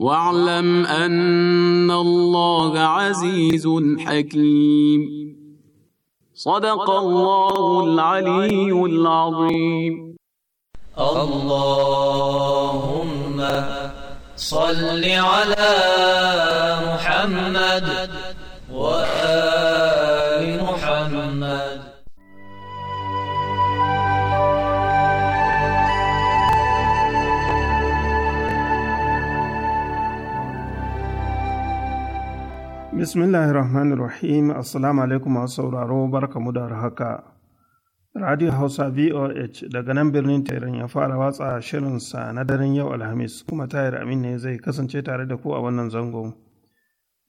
واعلم ان الله عزيز حكيم صدق الله العلي العظيم اللهم صل على محمد bismillahir rahmanir rahim assalamu alaikum masu sauraro barkamu da haka radio hausa voh daga nan birnin tehran ya fara watsa shirinsa na daren yau alhamis kuma tahir amin ne zai kasance tare da ku a wannan zango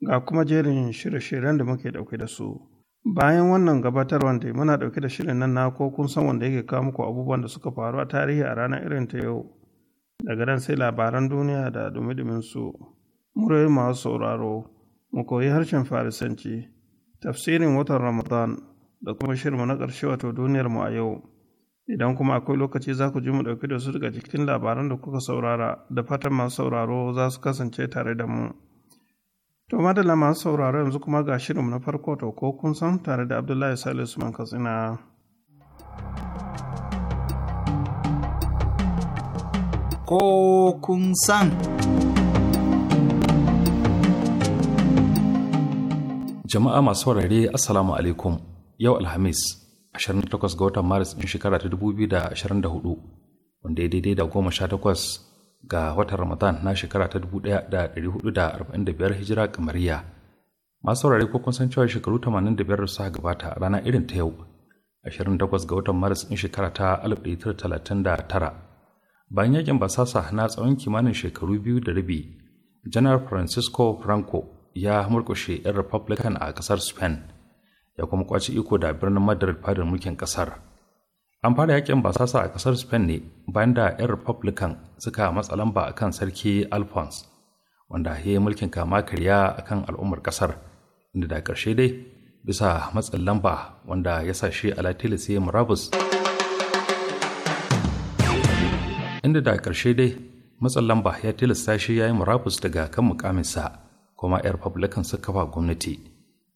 ga kuma jerin shirye-shiryen da muke dauke da su bayan wannan gabatar wanda muna dauke da shirin nan na ko kun san wanda yake kawo muku abubuwan da suka faru a tarihi a ranar irin ta yau daga nan sai labaran duniya da dumi-dumin su murai masu sauraro mu koyi harshen Farisanci, tafsirin watan Ramadan da kuma shirmu na ƙarshe wato mu a yau. Idan kuma akwai lokaci za ku ji mu ɗauki da su daga cikin labaran da kuka saurara da fatan masu sauraro za su kasance tare da mu. To madalla masu sauraro yanzu kuma ga shirinmu na farko to ko kun san tare da Abdullahi Salisu man Katsina. Ko kun san. Jama'a masu warare Assalamu alaikum. Yau Alhamis, 28 ga watan Maris ɗin shekara ta 2024, wanda ya daidai da 18 ga watan Ramadan na shekara ta 1445 Hijira kamariya. Masu warare ko kun san cewa shekaru 85 da suka gabata a rana irin ta yau, 28 ga watan Maris ɗin shekara ta 1939. Bayan yakin basasa na tsawon kimanin shekaru biyu da rabi, Janar Francisco Franco ya murkushe 'yan republican a ƙasar spain ya kuma kwaci iko da birnin madrid fadar mulkin ƙasar an fara yakin basasa a ƙasar spain ne bayan da 'yan republican suka matsa lamba a kan sarki alphonse wanda ya yi mulkin kama karya a kan al'ummar ƙasar inda da ƙarshe dai bisa matsin lamba wanda ya sa shi a murabus inda da ƙarshe dai matsin lamba ya tilasta shi ya yi murabus daga kan mukaminsa kuma 'yan republican suka kafa gwamnati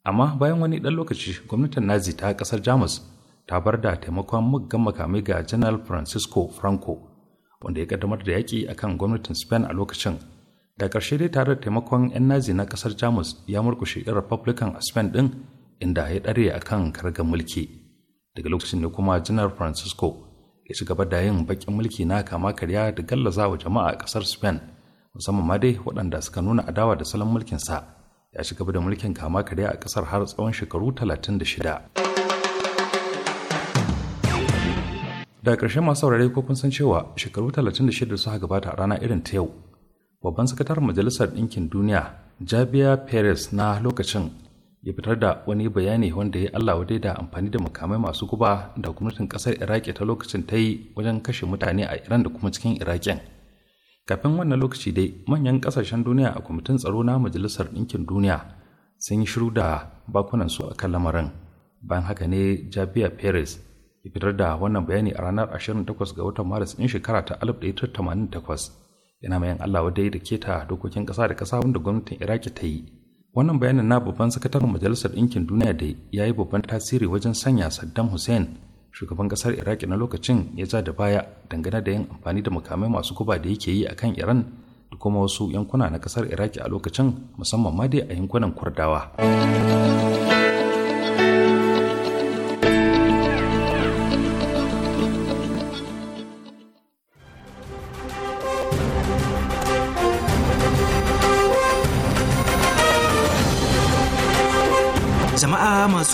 amma bayan wani ɗan lokaci gwamnatin nazi ta ƙasar jamus ta bar da taimakon muggan makamai ga general francisco franco wanda ya kaddamar da yaƙi akan gwamnatin spain a lokacin da ƙarshe dai tare da taimakon 'yan nazi na ƙasar jamus ya murkushe 'yan republican a spain ɗin inda ya ɗare kan kargar mulki daga lokacin ne kuma general francisco ya ci gaba da yin baƙin mulki na kama karya da gallaza wa jama'a a ƙasar spain musamman ma dai waɗanda suka nuna adawa da salon mulkin sa ya shiga gaba da mulkin kama karya a kasar har tsawon shekaru 36 daga ƙarshen masu saurare ko kun san cewa shekaru 36 suka gabata a rana irin ta yau babban sakataren majalisar ɗinkin duniya jabia perez na lokacin ya fitar da wani bayani wanda ya Allah wadai da amfani da makamai masu guba da gwamnatin kasar iraki ta lokacin ta yi wajen kashe mutane a iran da kuma cikin iraki. kafin wannan lokaci dai manyan kasashen duniya a kwamitin tsaro na majalisar ɗinkin duniya sun yi shiru da bakunan su akan lamarin bayan haka ne jabiya peris ya fitar da wannan bayani a ranar 28 ga watan maris ɗin shekara ta 1988 yana mayan allah wadai da ta dokokin ƙasa da ƙasa wanda gwamnatin iraki ta yi wannan bayanin na babban sakataren majalisar ɗinkin duniya da ya yi babban tasiri wajen sanya saddam hussein shugaban kasar iraki na lokacin ya za da baya dangane da yin amfani da makamai masu guba da yake yi a kan iran da kuma wasu yankuna na kasar iraki a lokacin musamman ma dai a yankunan kurdawa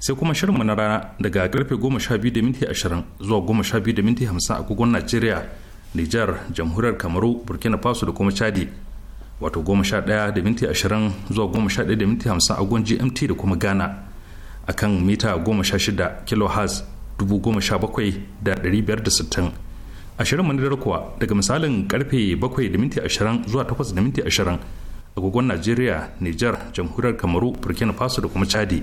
sai kuma shirinmu na rana daga karfe 12:20 zuwa 12:50 a kogon Najeriya, Nijar, Jamhuriyar Kamaru, Burkina Faso da kuma Chadi. Wato 11:20 zuwa 11:50 a gon GMT da kuma Ghana a kan mita 16 kHz 17,560. A shirinmu na kuwa daga misalin karfe 7:20 zuwa 8:20 a kogon Najeriya, Nijar, Jamhuriyar Kamaru, Burkina Faso da kuma Chadi.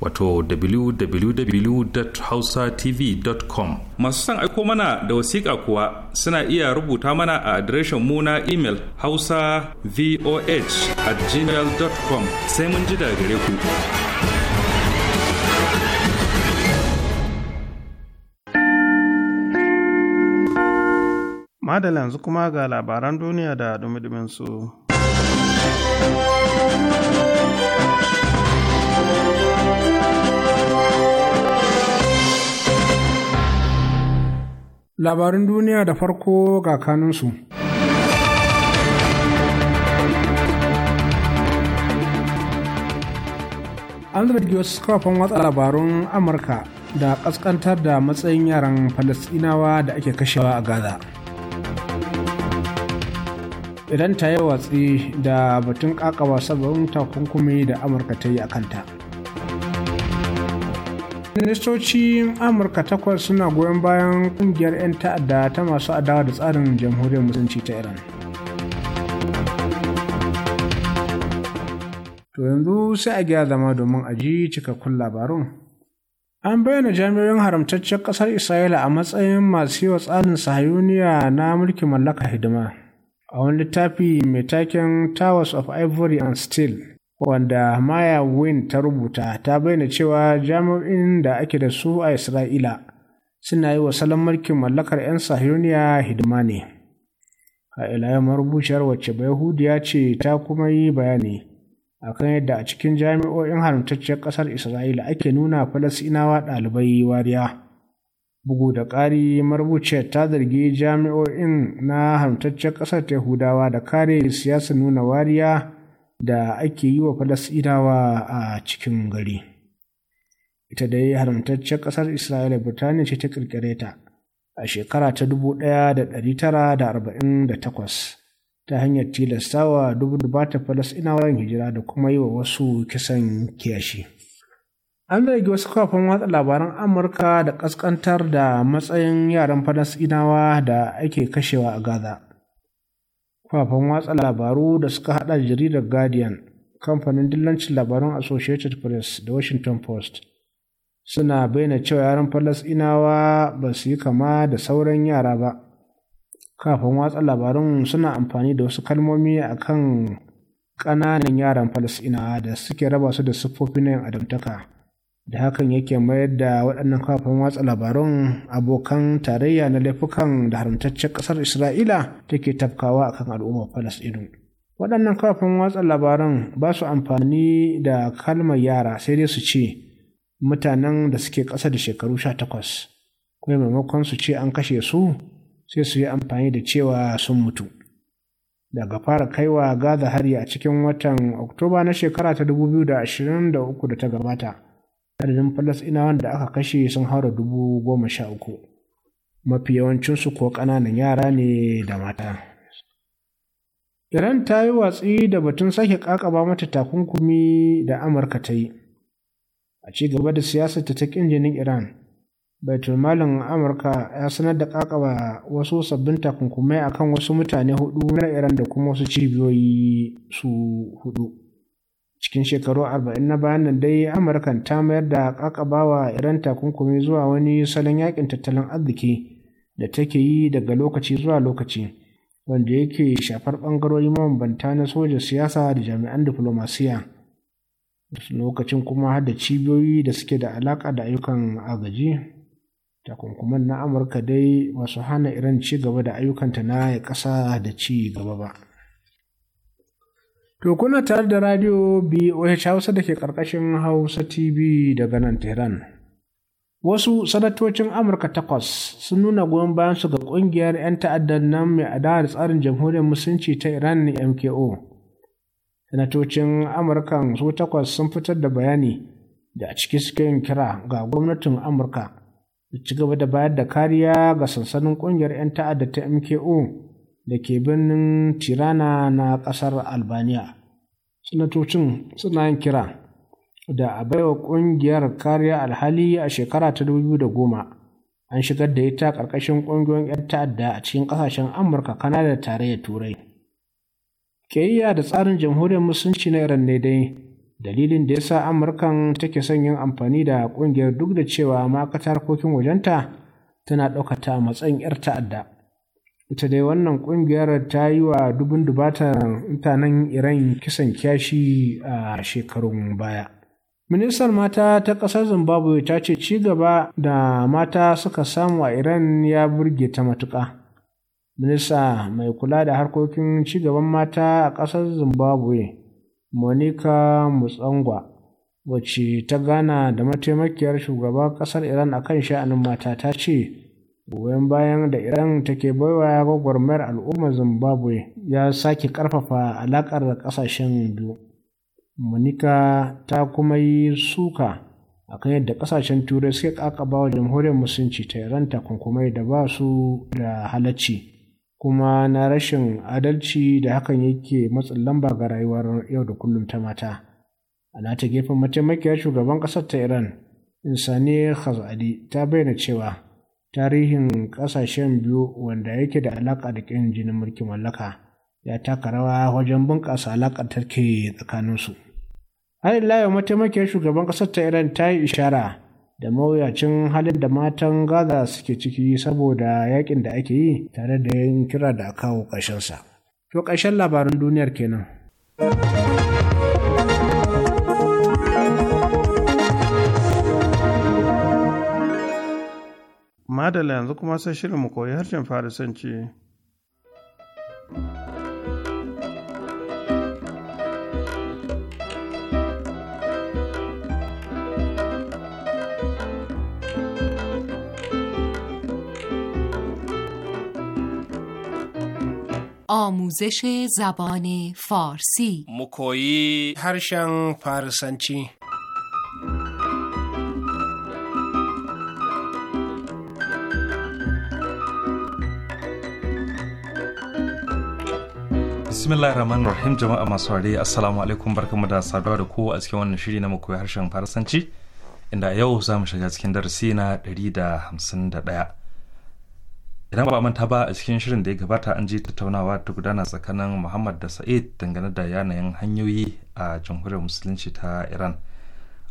wato www.hausatv.com masu son aiko mana da wasiƙa kuwa suna iya rubuta mana a adireshin mu na imel hausa voh at gmail.com sai mun ji daga gare ku madala yanzu kuma ga labaran duniya da dumi su. Labarin duniya da farko ga kanunsu. An zargi wasu kafin watsa labarun Amurka da ƙasƙantar da matsayin yaran Falasɗinawa da ake kashewa a Gaza. Idan ta yi watsi da batun ƙaƙawa sabon takunkumi da Amurka ta yi a kanta. ministoci amurka takwas suna goyon bayan kungiyar 'yan ta'adda ta masu adawa da tsarin jamhuriyar musulunci ta iran to yanzu sai a gyara zama domin a ji cikakkun labarun an bayyana jami''in haramtaccen ƙasar isra'ila a matsayin masu yi tsarin sahayuniya na mulkin mallaka hidima a wani littafi mai taken towers of ivory and steel Wanda Maya Wynne ta rubuta ta bayyana cewa jami'in da ake da su a Isra'ila suna yi wa salon mulkin mallakar 'yan sahiyoniya hidima ne. A ilayen marubuciyar wacce Yahudiya ce ta kuma yi bayani a kan yadda a cikin jami'o'in haramtacciyar ƙasar Isra'ila ake nuna Falasɗinawa ɗalibai wariya. Bugu da ƙari marubuciyar ta zargi jami'o'in na haramtacciyar ƙasar ta Yahudawa da kare siyasa nuna wariya da ake yi wa falasɗinawa a cikin gari ita dai haramtaccen ƙasar isra'ila birtaniya ce ta ƙirƙire ta a shekara ta 1948 ta hanyar tilastawa dubu dubata falasɗinawa yin hijira da kuma yi wa wasu kisan kiyashi an zargi wasu kafafen watsa labaran amurka da ƙasƙantar da matsayin yaran falasɗinawa da ake kashewa a gaza kafafen watsa labaru da suka hada jaridar guardian kamfanin dillancin labarun associated press da washington post suna bayyana cewa yaran falasinawa ba su yi kama da sauran yara ba kafin watsa labarun suna amfani da wasu kalmomi a kan ƙananan yaran falasinawa da suke raba su da siffofi na yin adamtaka da hakan yake mayar da waɗannan kafafen watsa labarun abokan tarayya na laifukan da haramtaccen ƙasar isra'ila take tafkawa akan al'ummar falasɗinu waɗannan kafafen watsa labaran ba su amfani da kalmar yara sai dai su ce mutanen da suke ƙasa da shekaru sha takwas kuma maimakon su ce an kashe su sai su yi amfani da cewa sun mutu daga fara kaiwa gaza hari a cikin watan oktoba na shekara ta 2023 da ta gabata adadin falasɗinawan da aka kashe sun haura dubu goma sha uku mafi yawancinsu ko ƙananan yara ne da mata iran ta yi watsi da batun sake ƙaƙaba mata takunkumi da amurka ta yi a ci gaba da siyasar ta ƙin jinin iran baitulmalin amurka ya sanar da ƙaƙaba wasu sabbin takunkumai akan wasu mutane hudu na iran da kuma wasu cibiyoyi su hudu cikin shekaru arba'in na bayan nan dai Amurka ta mayar da kakabawa iran takunkumi zuwa wani salon yakin tattalin arziki da take yi daga lokaci zuwa lokaci wanda yake shafar bangarori mabambanta na soja siyasa da jami'an diflomasiya lokacin kuma har da cibiyoyi da suke da alaka da ayyukan agaji takunkuman na amurka dai masu hana iran ci gaba da ayyukanta na kasa da ci gaba ba To kuna tare da radio BOH Hausa da ke ƙarƙashin Hausa TV daga nan Tehran. Wasu sanatocin Amurka takwas sun nuna goyon bayan su ga ƙungiyar 'yan ta'addan nan mai adawa tsarin jamhuriyar musulunci ta Iran MKO. Sanatocin amurka su takwas sun fitar da bayani da a ciki suke yin kira ga gwamnatin Amurka da ci gaba da bayar da kariya ga sansanin ƙungiyar 'yan ta'adda ta MKO da ke birnin Tirana na ƙasar Albaniya. sanatocin suna yin kira da a baiwa ƙungiyar kariya alhali a shekara ta da goma an shigar da ita ƙarƙashin ƙungiyoyin 'yan ta'adda a cikin ƙasashen amurka kanada da tarayyar turai kiyayya da tsarin jamhuriyar musulunci na iran ne dai dalilin da ya sa amurkan take son yin amfani da ƙungiyar duk da cewa ma'aikatar harkokin wajenta tana ɗaukata matsayin 'yar ta'adda ita dai wannan ƙungiyar ta yi wa dubun dubatan mutanen iran kisan kyashi a shekarun baya ministan mata ta ƙasar zimbabwe ta ce ci gaba da mata suka samu a iran ya burge ta matuka. minista mai kula da harkokin ci gaban mata a ƙasar zimbabwe monica mutsangwa wacce ta gana da mataimakiyar shugaban ƙasar iran akan sha'anin mata ta ce goyon bayan da iran take baiwa gwagwarmayar al'ummar zimbabwe ya sake ƙarfafa da ƙasashen biyu Monika ta kuma yi suka a kan yadda ƙasashen turai suke ƙaƙabawa wa jamhuriyar musulunci ta iran takunkumai da ba su da halacci kuma na rashin adalci da hakan yake matsin lamba ga rayuwar yau da kullum ta mata a nata gefen mataimakiyar shugaban ƙasar ta iran insani khazadi ta bayyana cewa tarihin ƙasashen biyu wanda yake da alaƙa da ƙin jinin mulkin mallaka ya taka rawa wajen bunƙasa alaƙar take tsakaninsu. yau mataimakiyar shugaban ƙasar ta Iran ta yi ishara da mawuyacin halin da matan Gaza suke ciki saboda yakin da ake yi tare da yin kira da kawo ƙarshensa. To ƙarshen labarin duniyar kenan. madala yanzu kuma sai shirin mu koyi harshen farisanci آموزش زبان فارسی مکویی هرشن فارسنچی bismillah rahman rahim jama'a masu ware assalamu alaikum barkamu da saduwa da kowa a cikin wannan shiri na koyi harshen farasanci inda yau za mu shiga cikin darasi na ɗaya idan ba manta ba a cikin shirin da ya gabata an ji tattaunawa ta gudana tsakanin muhammad da sa'id dangane da yanayin hanyoyi a jamhuriyar musulunci ta iran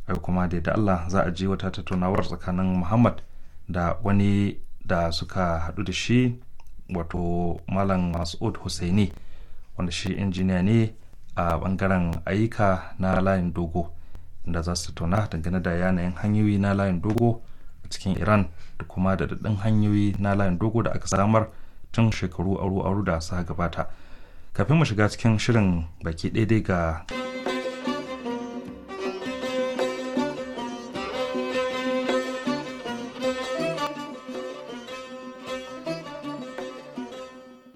ai kuma da da allah za a ji wata tattaunawar tsakanin muhammad da wani da suka haɗu da shi wato malam mas'ud hussaini wanda shi injiniya ne a bangaren ayyuka na layin dogo inda za su tattauna dangane da yanayin hanyoyi na layin dogo a cikin iran da kuma da daɗin hanyoyi na layin dogo da aka samar tun shekaru aru-aru da su gabata kafin mu shiga cikin shirin baki daidai ga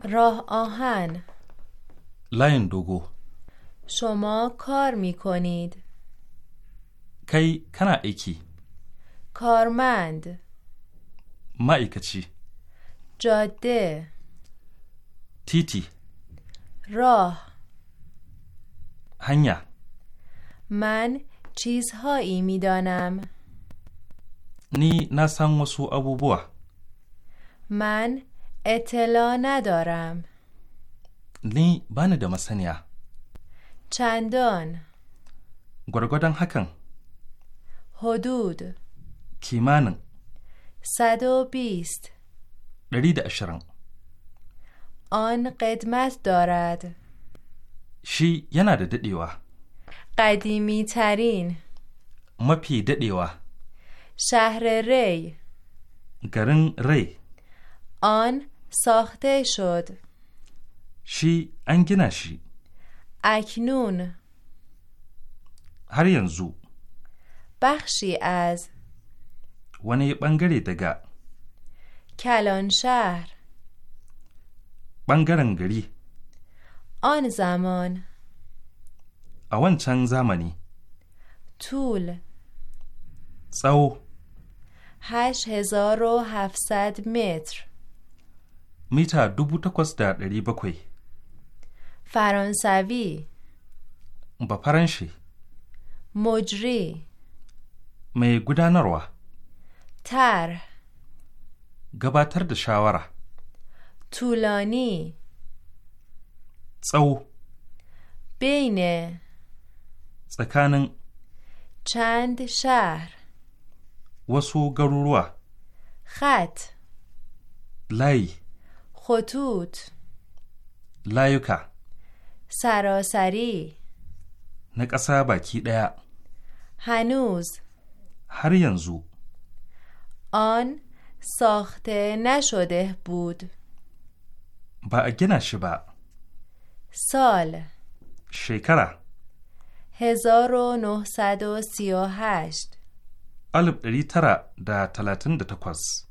راه آهن لاین دوگو شما کار می کنید کی کنا ایکی کارمند ایکچی جاده تیتی راه هنیا من چیزهایی دانم. نی نسان وسو بوا من اطلاع ندارم ni bani da masaniya. Chandon. Gwargwadon hakan. Hudud. Kimanin. Sado beast. Ɗari da ashirin. On qidmat darad. Shi yana da daɗewa. Qadimi tarin. Mafi daɗewa. شهر Garin rai. On آن shod. شی انگی نشی اکنون هر زو بخشی از ونی بنگری دگا کلان شهر بنگرن گری آن زمان اون چند زمانی طول سو هشت هزار و هفتصد متر میتر دو بوتا کس در دری بکوی فرانسوی با فرانسی مجری می گودانروا تر گباتر د شاورا طولانی تسو بین tsakanin چند شهر وسو گروروا خط لای خطوط لایوکا سراسری نه قسا باکی دیا هنوز هر ینزو آن ساخته نشده بود با اگه نشبا سال شیکره هزار و نه سد و سی و هشت الب ری ترا دا تلاتن دا تکوز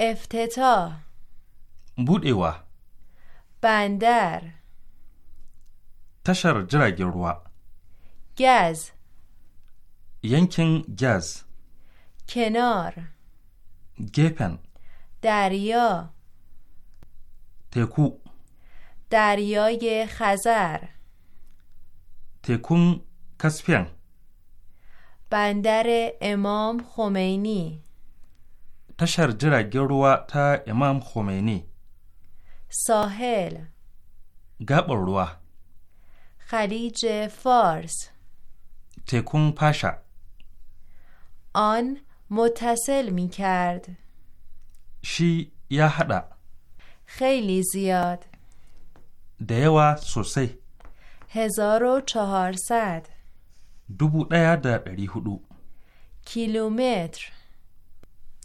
افتتا بود ایوه بندر تشر جرگی و گز ینکن گز کنار گپن دریا تکو دریای خزر تکون کسپین بندر امام خمینی تشر جرگی و تا امام خمینی ساحل گبر روح خلیج فارس تکون پاشا آن متصل می کرد شی یهدا خیلی زیاد دیوا سوسی هزار و چهارصد دوبو دیا در کیلومتر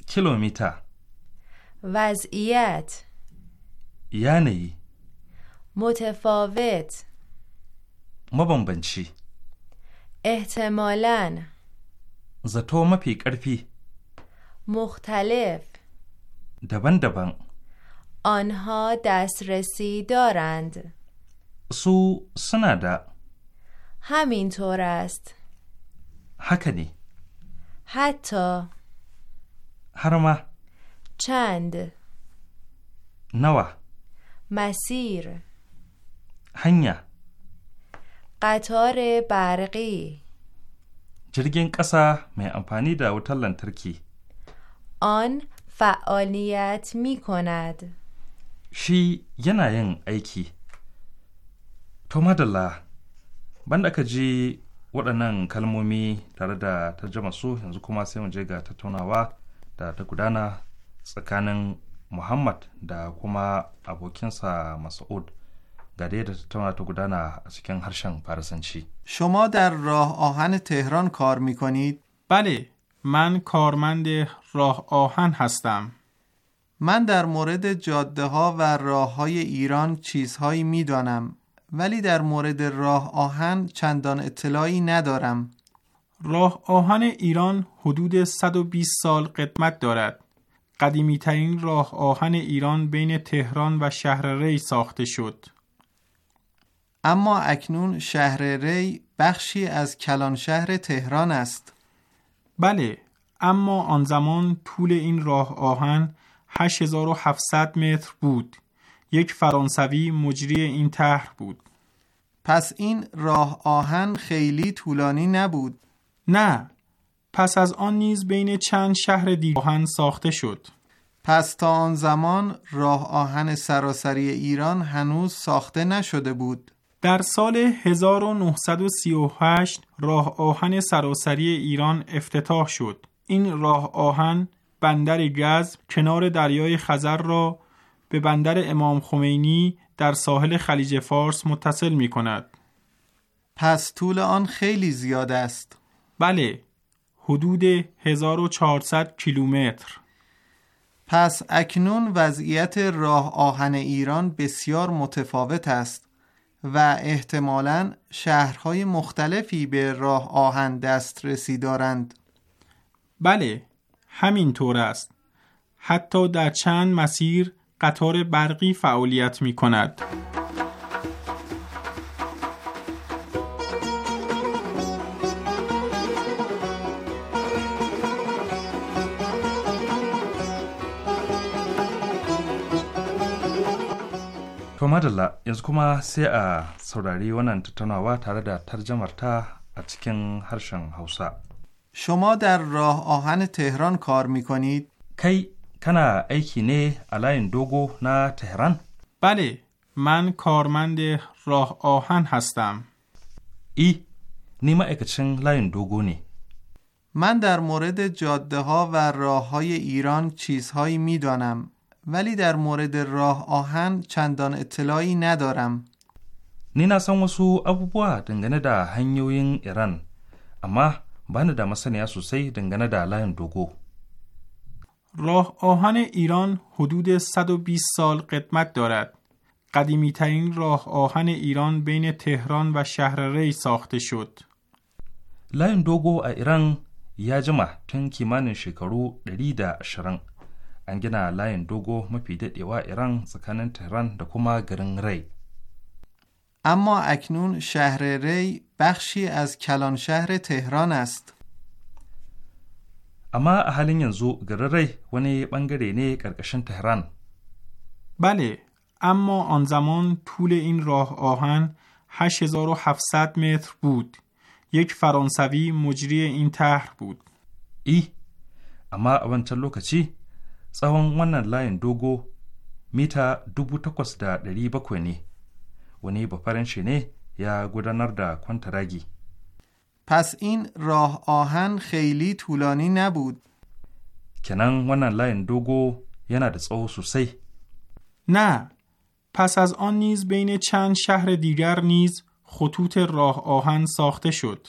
کیلومتر وضعیت یعنی متفاوت mabambanci احتمالاً zato mafi ƙarfi مختلف daban-daban آنها دسترسی دارند su suna da همینطور است haka ne حتی har چند nawa مسیر hanya قطار برقی jirgin ƙasa mai amfani da wutar lantarki. On fa'aliyat mi Shi yana yin aiki. To madalla, banda ka ji waɗannan kalmomi tare da tarjama su yanzu kuma sai muje ga tattaunawa da ta gudana tsakanin Muhammad da kuma abokinsa Mas'ud. در تو گدانا سکن شما در راه آهن تهران کار میکنید بله من کارمند راه آهن هستم من در مورد جاده ها و راه های ایران چیزهایی میدانم ولی در مورد راه آهن چندان اطلاعی ندارم راه آهن ایران حدود 120 سال قدمت دارد قدیمی ترین راه آهن ایران بین تهران و شهر ری ساخته شد اما اکنون شهر ری بخشی از کلان شهر تهران است بله اما آن زمان طول این راه آهن 8700 متر بود یک فرانسوی مجری این طرح بود پس این راه آهن خیلی طولانی نبود نه پس از آن نیز بین چند شهر دیگر آهن ساخته شد پس تا آن زمان راه آهن سراسری ایران هنوز ساخته نشده بود در سال 1938 راه آهن سراسری ایران افتتاح شد. این راه آهن بندر گز کنار دریای خزر را به بندر امام خمینی در ساحل خلیج فارس متصل می کند. پس طول آن خیلی زیاد است. بله، حدود 1400 کیلومتر. پس اکنون وضعیت راه آهن ایران بسیار متفاوت است و احتمالا شهرهای مختلفی به راه آهن دسترسی دارند بله همینطور است حتی در چند مسیر قطار برقی فعالیت می کند To madalla yanzu kuma sai a saurari wannan tattaunawa tare da tarjamar ta a cikin harshen Hausa. شما در راه آهن تهران کار می کنید؟ کی کنا ایکی نه الاین دوگو نه تهران؟ بله من کارمند راه آهن هستم ای نیما اکچن لاین دوگو نی من در مورد جاده ها و راه های ایران چیزهایی می ولی در مورد راه آهن چندان اطلاعی ندارم. نینا سان وسو ابوبوا دنگنه دا هنیوین ایران اما بانه دا مسانیا سوسی دنگنه دا لاین دوگو. راه آهن ایران حدود 120 سال قدمت دارد. قدیمی ترین راه آهن ایران بین تهران و شهر ری ساخته شد. لاین دوگو ایران یا جمع تن کیمان شکرو دلی دا an gina layin dogo mafi daɗewa iran tsakanin tehran da kuma garin اما اکنون شهر ری بخشی از کلان شهر تهران است. اما اهل ینزو گر ری ونی بنگری نی کرکشن تهران. بله، اما آن زمان طول این راه آهن 8700 متر بود. یک فرانسوی مجری این تهر بود. ای، اما اون چه لوکچی tsawon wannan layin dogo mita 8,700 ne wani bafaranshi یا ya gudanar da kwantaragi پس این راه آهن خیلی طولانی نبود. کنن ونن لاین دوگو یه ندس او سوسی. نه. پس از آن نیز بین چند شهر دیگر نیز خطوط راه آهن ساخته شد.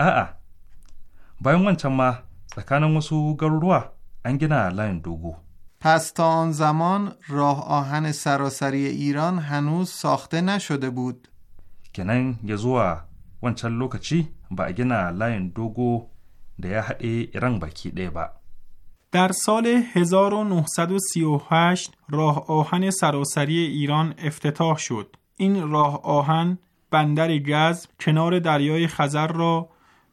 آه. باید من چما سکانم وسو گروروا پس تا آن زمان راه آهن سراسری ایران هنوز ساخته نشده بود. کنن یزوا wancan lokaci ba با gina layin دوگو در سال 1938 راه آهن سراسری ایران افتتاح شد. این راه آهن بندر گز کنار دریای خزر را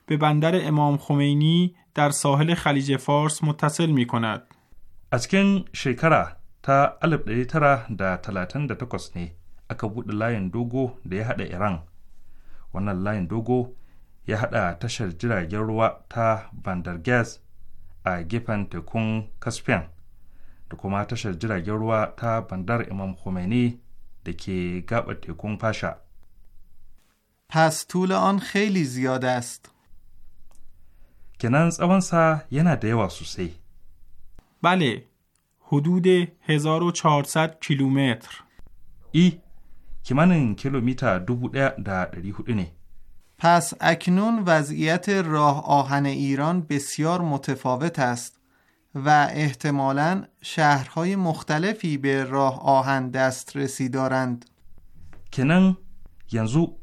به بندر امام خمینی در ساحل خلیج فارس متصل می کند. از کن شکرا تا الب دیترا دا تلاتن دا اکا بود لاین دوگو دا حد ایران وانا لاین دوگو یه حد تشر جرا تا بندر گاز اگیپن تکون کسپیان دا ما تشر جرا تا بندر امام خمینی دکی که تکون پاشا پس طول آن خیلی زیاد است کنن اوانسا یه نده و سوسی بله حدود 1400 کیلومتر ای که من این کیلومتر دو بوده در پس اکنون وضعیت راه آهن ایران بسیار متفاوت است و احتمالا شهرهای مختلفی به راه آهن دسترسی دارند کنن ینزو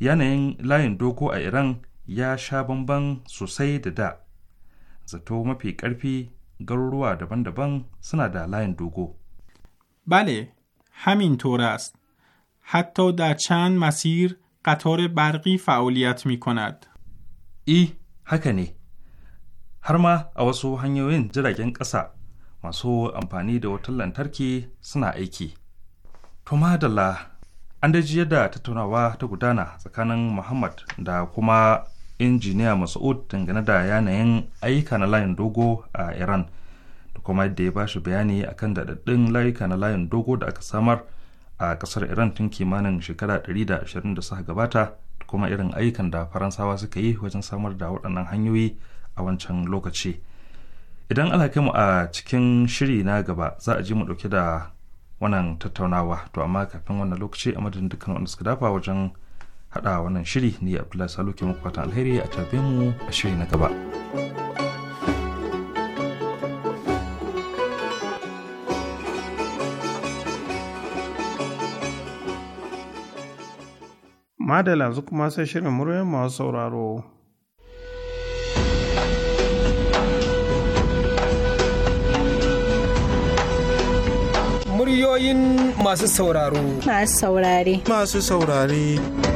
یعنی لاین دوگو ایران ya sha bamban sosai da da zato mafi ƙarfi garuruwa daban-daban suna da layin dogo bale همین طور است da Can-Masir, مسیر قطار برقی فعالیت I, haka ne, har ma a wasu hanyoyin jiragen ƙasa, masu amfani da wutar lantarki suna aiki. To madalla, an jiyar da tattaunawa ta gudana tsakanin Muhammad da kuma injiniya Mas'ud dangane da yanayin ayyuka na layin dogo a Iran da kuma yadda ya bashi bayani akan daɗaɗɗun layuka na layin dogo da aka samar a ƙasar Iran tun kimanin shekara 120 da suka gabata da kuma irin ayyukan da Faransawa suka yi wajen samar da waɗannan hanyoyi a wancan lokaci. Idan mu a cikin shiri na gaba za a ji mu ɗauke da wannan tattaunawa to amma kafin wannan lokaci a madadin dukkan wanda suka dafa wajen haɗa wannan shiri ne abdullahi salo ke muku fatan alheri a tabe mu a shiri na gaba. madala yanzu kuma sai shirin muryar masu sauraro. Muryoyin masu sauraro. Masu saurare. Masu saurare.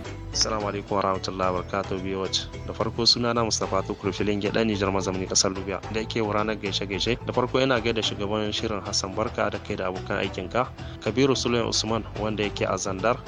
Assalamu alaikum warahmatullahi wabarakatuh biyo wacce. Da farko suna na Mustapha Tukur filin gyaɗa Nijar mazamni ƙasar Libya da yake ranar gaishe-gaishe. Da farko yana gaida shugaban shirin Hassan Barka da kai da abokan aikinka. Kabiru Suleiman Usman wanda yake a Zandar.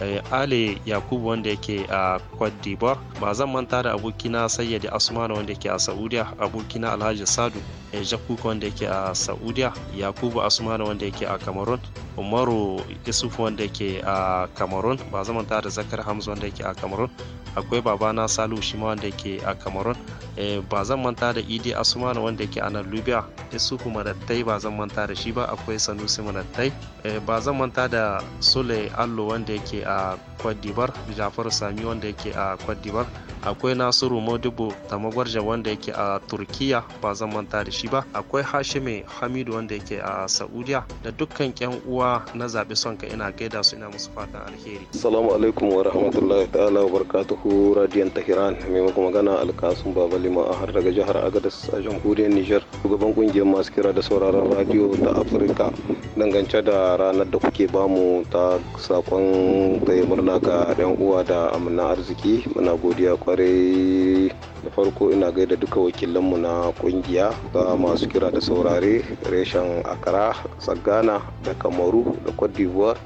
Eh, Ali yakubu wanda yake a cote d'ivoire ba zan manta da abokina sayyadi asmana wanda yake a saudiya abokina alhaji sadu eh, jakuka wanda yake a saudiya yakubu asmana wanda yake a cameroon umaru yusuf wanda yake a cameroon ba zan manta da zakar hamza wanda yake a cameroon akwai babana salu shi ma wanda ke a cameroon eh, ba zan manta da idi asumana wanda ke a nan libya isuhu madattai ba zan manta da shi ba akwai sanusi madattai eh, ba zan manta da sule allo wanda ke a Kwadibar d'ivoire jafar sami wanda yake a Kwadibar akwai nasiru modibo da magwarja wanda yake a turkiya ba zan manta da shi ba akwai hashime hamidu wanda yake a saudiya da dukkan yan uwa na zaɓi son ka ina gaida su ina musu fatan alheri assalamu alaikum wa rahmatullahi ta'ala wa barakatuhu radiyan tahiran mai muku magana alkasun baba lima a har daga jihar agadas a jamhuriyar niger shugaban kungiyar masu kira da sauraron radio ta afirka dangance da ranar da kuke bamu ta sakon tayi magana ga 'yan uwa da amina arziki muna godiya kwarai da farko ina gaida duka wakilanmu na kungiya ga masu kira da saurare reshen akara sagana da kamaru da cote d'ivoire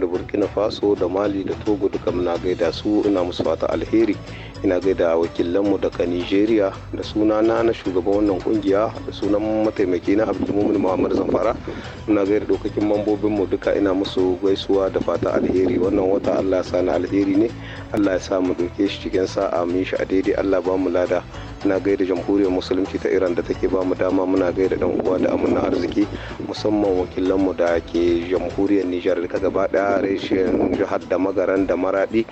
da burkina faso da mali da togo duka muna gaida su ina musu fata alheri ina gaida wakilanmu daga nigeria da suna na na shugaban wannan kungiya da sunan mataimaki na abdulmumin muhammad zamfara muna gaida dokokin mambobinmu duka ina musu gaisuwa da fata alheri wannan wata allah ya sa na alheri ne allah ya sa mu doke shi cikin sa'a mu shi a daidai allah ba mu lada na gaida jamhuriyar musulunci ta iran da take ba mu dama muna gaida dan uwa da amina arziki musamman wakilan mu da ke jamhuriyar nijar da gaba daya reshen jihar da magaran da maradi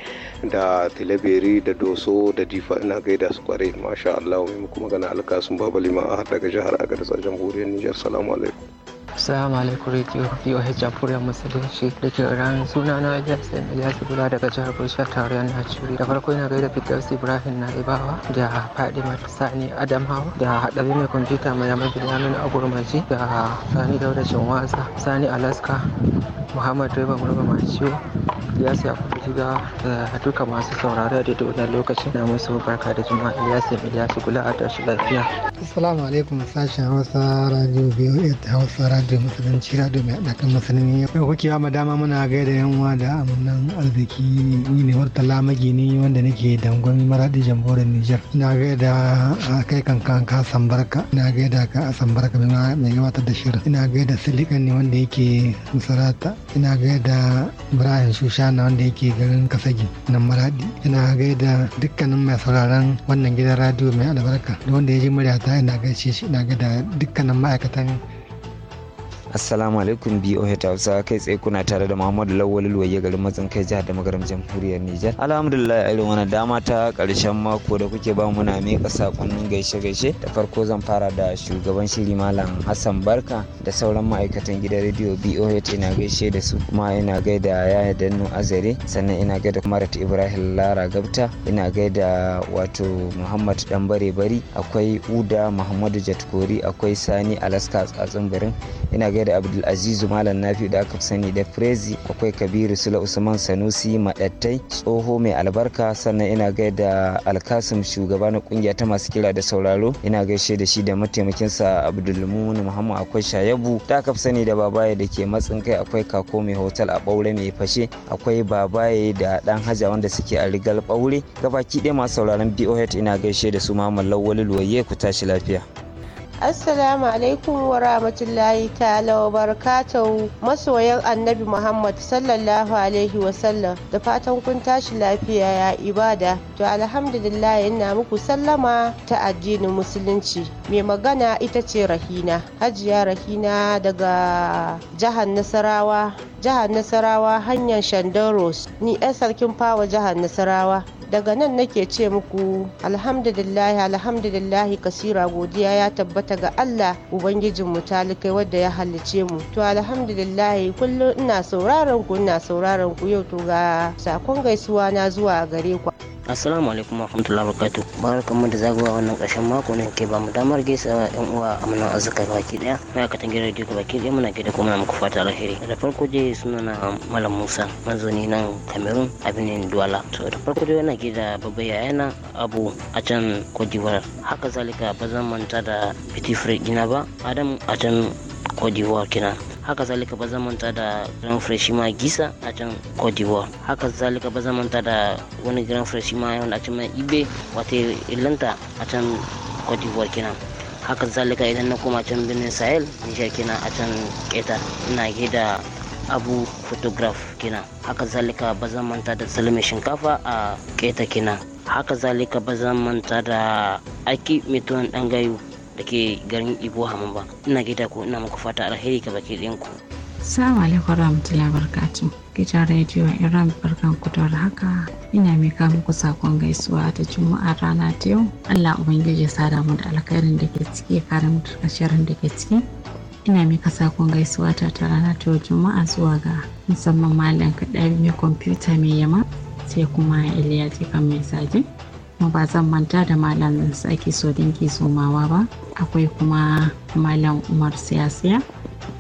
da tilaberi da doso da difa na gaida su kware masha allah mai muku magana alkasun baba liman daga jihar agadis a jamhuriyar nijar salamu alaikum Assalamu alaikum Radio VOH Jamhuriyar Musulunci da ke ran suna na Ilyas Ilyas Bula daga jihar Bauchi tarayyar Najeriya. Da farko yana gaida Firdausi Ibrahim Naibawa da ma. sani adam hawa da haɗari mai kwamfuta mai yamma bilyamin agurmaji da sani dauda shinwasa sani alaska muhammad direba murba maciwo Ilyasu ya kuma shiga da eh, duka masu saurari a daidai wannan lokacin na musu barka da juma'a Ilyasu Ilyasu kula a tashi lafiya. Assalamu alaikum sashen Hausa Radio BOA ta Hausa Radio Musulunci Radio mai haɗa kan musulmi. Yau kuke ba dama muna gaida yan uwa da amannan arziki ni ne Murtala ne wanda nake dangon maraɗi jamhuriyar Nijar. Ina gaida kai kankan ka san barka. Ina gaida ka barka mai gabatar da shirin. Ina gaida Silikan ne wanda yake Musarata. Ina gaida Brian Shushu. na wanda yake garin Kasagi nan Maradi. Ina gaida dukkanin mai sauraron wannan gidan radio mai albarka da wanda ya ji murya ta ina gaishe shi ina gaida dukkanin ma'aikatan assalamu alaikum boh hausa kai tsaye kuna tare da muhammadu lawal luwaye garin matsin kai jihar da magaram jamhuriyar nijar alhamdulillah irin wani dama ta karshen mako da kuke ba muna miƙa sakonnin gaishe gaishe da farko zan fara da shugaban shiri malam hassan barka da sauran ma'aikatan gidan rediyo boh ina gaishe da su kuma ina gaida yaya dannu azare sannan ina gaida marat ibrahim lara gabta ina gaida wato muhammad dan bare bari akwai uda muhammadu jatkori akwai sani alaska tsatsin birin ina gaida gaida azizu malam nafi da aka sani da prezi akwai kabiru sula usman sanusi madattai tsoho mai albarka sannan ina gaida alkasim shugaba na kungiya ta masu kira da sauraro ina gaishe da shi da mataimakinsa abdulmumin muhammad akwai shayabu da aka sani da babaye da ke matsin kai akwai kako mai hotel a baure mai fashe akwai babaye da dan haja wanda suke a rigal baure gabaki ɗaya masu sauraron boh ina gaishe da su muhammad lawal luwaye ku tashi lafiya. Assalamu alaikum wa rahmatullahi ta'ala wa barakatuhu masoyan annabi Muhammad sallallahu alaihi wa sallam da fatan kun tashi lafiya ya ibada to alhamdulillah ina muku sallama ta addinin musulunci mai magana ita ce Rahina Hajiya Rahina daga jihar Nasarawa jihar nasarawa hanyar Shandoros ni 'yan sarkin fawa jihar nasarawa daga nan nake ce muku alhamdulillahi alhamdulillahi kasira godiya ya tabbata ga allah ubangijinmu talikai wadda ya halice mu to alhamdulillahi kullum ina sauraron ku ina sauraron ku yau to ga sakon gaisuwa na zuwa gare ku assalamu alaikum warahmatullahi wabarakatuh barkan mu da zagawa wannan ƙarshen mako ne ke ba mu damar gaisa yan uwa a muna azuka baki daya ma'aikatan gidan rediyo baki daya muna gaida kuma muku fata alheri da farko dai suna na malam musa manzoni nan cameroon abinin ne duwala to da farko dai gida babba yayana abu a can kwadiwar haka zalika ba zan manta da petit gina ba adam a can kwadiwar kina haka zalika ba zamanta da grand freshima gisa a can cote d'ivoire haka zalika ba zamanta da wani grand freshima wanda a can mai ibe wata ilanta a can cote d'ivoire kenan haka zalika idan na koma can birnin sahel nisha kenan a can keta ina da abu photograph kenan haka zalika ba zamanta da salome shinkafa a keta kenan haka zalika ba zamanta da aki mituwan dangayu da ke garin ibo haman ba ina gida ko ina muku fata alheri ga baki ɗayan ku salamu alaikum barkatu Gidan rediyo Iran barkan ku da haka ina mika muku sakon gaisuwa ta Juma'a rana ta yau. Allah Ubangiji ya sada mu da alkhairin da ke ciki ya kare mu da da ke ciki. Ina mika kun gaisuwa ta ta rana ta Juma'a zuwa ga musamman malam kaɗai mai kwamfuta mai yama sai kuma iliyati kan mai saji. kuma ba zan manta da malam tsaki so dinki somawa ba akwai kuma malam umar siyasiya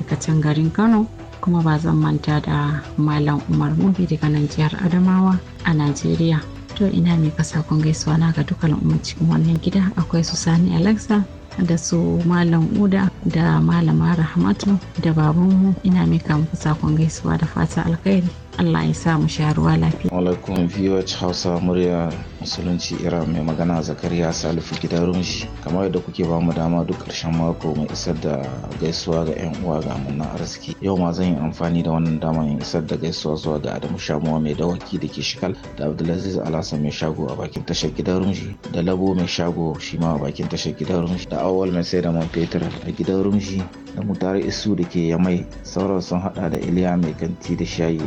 daga can garin kano kuma ba zan manta da malam umar mubi daga nan adamawa a najeriya to ina mai kasa kun gaisuwa na ga dukkan al'umma cikin wannan gida akwai su sani alexa da su malam uda da malama rahmatu da babanmu ina kamun kasa sakon gaisuwa da fata alkhairi allah ya sa mu sha ruwa lafiya alaikum viewers hausa murya musulunci iran mai magana zakariya salifu gidan rumshi kamar yadda kuke ba mu dama duk karshen mako mai isar da gaisuwa ga 'yan uwa ga munna arziki yau ma zan yi amfani da wannan dama in isar da gaisuwa zuwa ga adamu shamuwa mai dawaki da ke shikal da abdulaziz alasa mai shago a bakin tashar gidan rumshi da labo mai shago shi ma a bakin tashar gidan rumshi da awal mai sai da man fetur a gidan rumshi da mutar isu da ke yamai sauran sun hada da iliya mai kanti da shayi